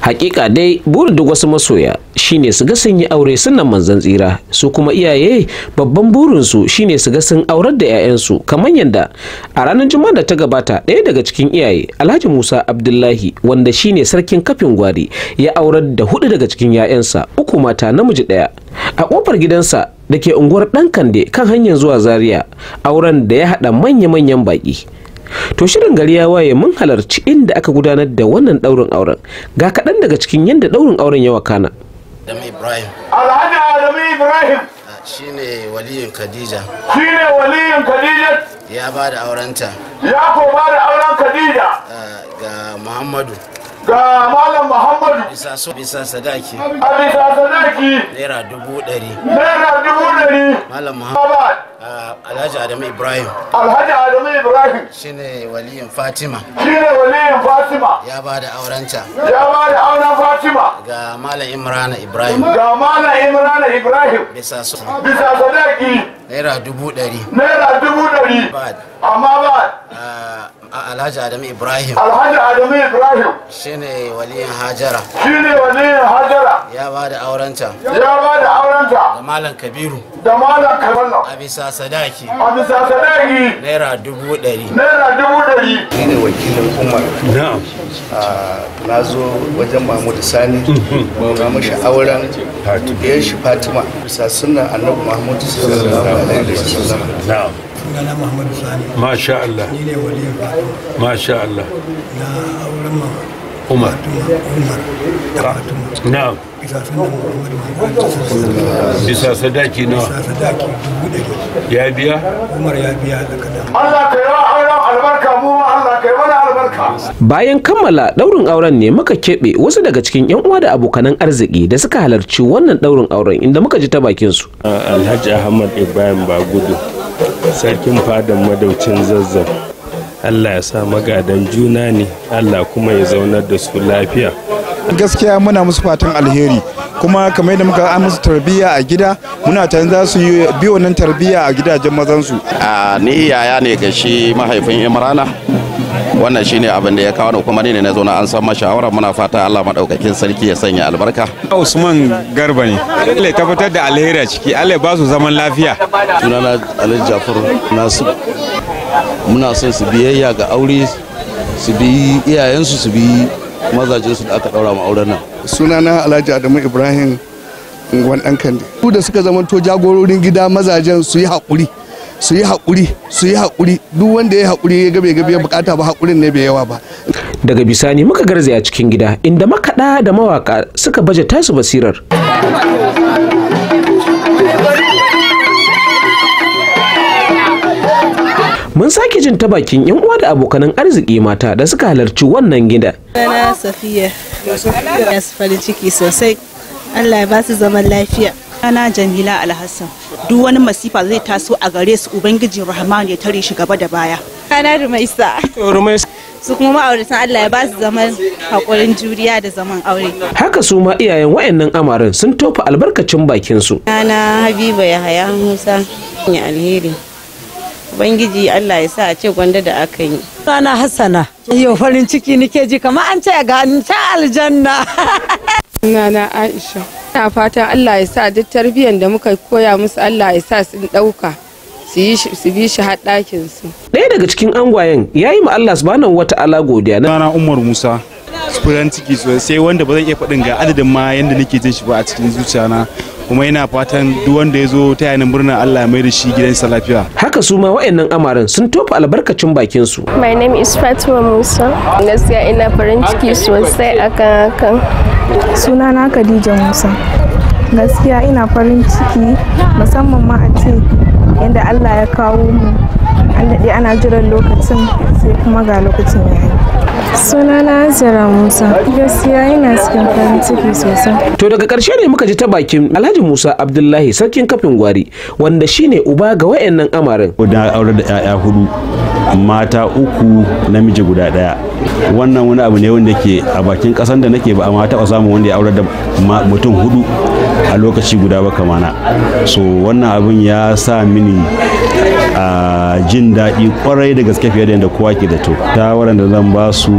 hakika dai burin duk wasu masoya shine su ga sun yi aure sunan manzan tsira su kuma iyaye babban burinsu shine su ga sun aurar da 'ya'yansu kamar yadda a ranar juma'a da ta gabata ɗaya daga cikin iyaye alhaji musa abdullahi wanda shine sarkin kafin gwari ya aurar da hudu daga cikin 'ya'yansa uku mata namiji ɗaya a kofar gidansa da ke unguwar ɗan kande kan hanyar zuwa zaria auren da ya haɗa manya-manyan baƙi To shirin gari ya waye mun halarci inda aka gudanar da wannan ɗaurin auren. Ga kaɗan daga cikin yadda ɗaurin auren ya wakana. Adamu Ibrahim. Alhaji Adamu Ibrahim. Ah, Shi ne waliyin Khadija. Shi ne waliyin Khadija. Ya ba da aurenta. Ya ko ba da auren Khadija. Ah, ga Muhammadu. ga malam muhammadu bisa so bisa sadaki a bisa sadaki naira dubu dari. naira dubu dari. malam muhammad alhaji adamu ibrahim alhaji adamu ibrahim shine waliyin fatima shine waliyin fatima ya ba da aurenta ya ba da auren fatima ga malam imrana ibrahim ga malam imrana ibrahim bisa so bisa sadaki naira dubu dari. naira dubu dari. amma ba alhaji adamu ibrahim alhaji adamu ibrahim Shi shine waliyin hajara Shi shine waliyin hajara ya ba da aurenta ya ba da aurenta da malam kabiru da malam kabiru a bisa sadaki a bisa sadaki naira dubu ɗari naira dubu ɗari ni ne wakilin umar na'am ah, na zo wajen mahmud sani mm-hmm. ga mashi auren fatima fatima bisa sunan annabi mahmud sallallahu alaihi wasallam na'am sunana muhammadu sani masha Allah ni ne waliyin fatima masha Allah na auren ma umar umar da fatima na. bisa sanin muhammadu bisa sadaki nawa bisa sadaki dubu ɗari ya biya umar ya biya da kadan Allah ka yi auren albarka mu Allah ka yi mana albarka bayan kammala daurin auren ne muka keɓe wasu daga cikin yan uwa da abokanan arziki da suka halarci wannan daurin auren inda muka ji ta bakin su alhaji ahmad ibrahim bagudu sarkin fadan madaucin zazzau allah ya sa magadan juna ne allah kuma ya zaunar da su lafiya gaskiya muna musu fatan alheri kuma kamar da muka an musu tarbiyya a gida muna tare za su yi biyo nan tarbiyya a gidajen mazansu ni yaya ne ga shi mahaifin imrana wannan shine abin da ya kawo da kuma ne na zauna an san mashawara muna fata Allah madaukakin sarki ya sanya albarka Usman Garba ne Allah ya tabbatar da alheri a ciki Allah ya ba su zaman lafiya sunana Alhaji Jafar Nasu muna son su biyayya ga aure su bi iyayensu su bi su da aka daura mu auren nan sunana Alhaji Adamu Ibrahim Ungwan ɗan Kande su da suka zamanto jagororin gida mazajen su yi haƙuri su yi haƙuri su yi haƙuri duk wanda ya haƙuri ya gabe gabe bukata ba haƙurin ne bai yawa ba daga bisani muka garzaya cikin gida inda makaɗa da mawaƙa suka baje tasu basirar mun sake jin ta bakin yan uwa da abokanan arziki mata da suka halarci wannan gida na safiya ya farin ciki sosai allah ya ba zaman lafiya Ana Jamila Alhassan duk wani masifa zai taso a gare su Ubangijin Rahman ya tare shi gaba da baya. Ana Rumaisa. Rumaisa. Su kuma ma'auratan Allah ya ba su zaman haƙurin juriya da zaman aure. Haka su ma iyayen wayannan amarin sun tofa albarkacin bakin su. Ana Habiba Yahaya Musa. Ya alheri. Ubangiji Allah ya sa a ce gwanda da aka yi. Ana Hassana. Yau farin ciki nake ji kamar an ce ga ta aljanna. Nana Aisha. ina fatan Allah ya sa duk tarbiyyar da muka koya musu Allah ya sa sun ɗauka su bi shi har ɗakin su. Ɗaya daga cikin angwayen ya yi ma Allah subhanahu wa ta'ala godiya na. Sana Umar Musa Sufuran ciki sosai wanda ba zan iya faɗin ga adadin ma yadda nake jin shi ba a cikin zuciyana kuma yana fatan duk wanda ya zo ta yana murna Allah mai da shi gidansa lafiya. Haka su ma wa'annan amaran sun tofa albarkacin bakin su. My name is Fatima Musa. Gaskiya ina farin ciki sosai akan hakan. sunana khadija musa gaskiya ina farin ciki musamman ma a ce yadda allah ya kawo mu an daɗe ana jiran lokacin sai kuma ga lokacin yayi sunana Azira Musa gaskiya ina cikin farin ciki sosai to daga karshe ne muka ji ta bakin Alhaji Musa Abdullahi sarkin kafin gwari wanda shine uba ga wayannan amarin da aure da yaya hudu mata uku namiji guda daya wannan wani abu ne wanda ke a bakin kasan da nake ba amma taba samun wanda ya aure da mutum hudu a lokaci guda ba kamana so wannan abin ya sa mini a jin daɗi kwarai da gaske fiye da yadda kowa ke da to ta da zan ba su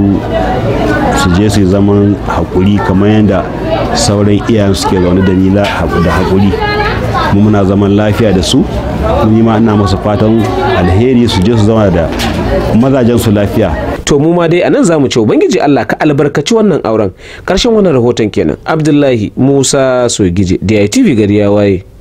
su je su zaman haƙuri kamar yadda sauran iyayen suke zaune da nila da haƙuri mu muna zaman lafiya da su yi ma ina musu fatan alheri su je su zama da mazajen su lafiya to mu ma dai anan zamu ce ubangiji Allah ka albarkaci wannan auren karshen wannan rahoton kenan Abdullahi Musa Sogije tv gari ya waye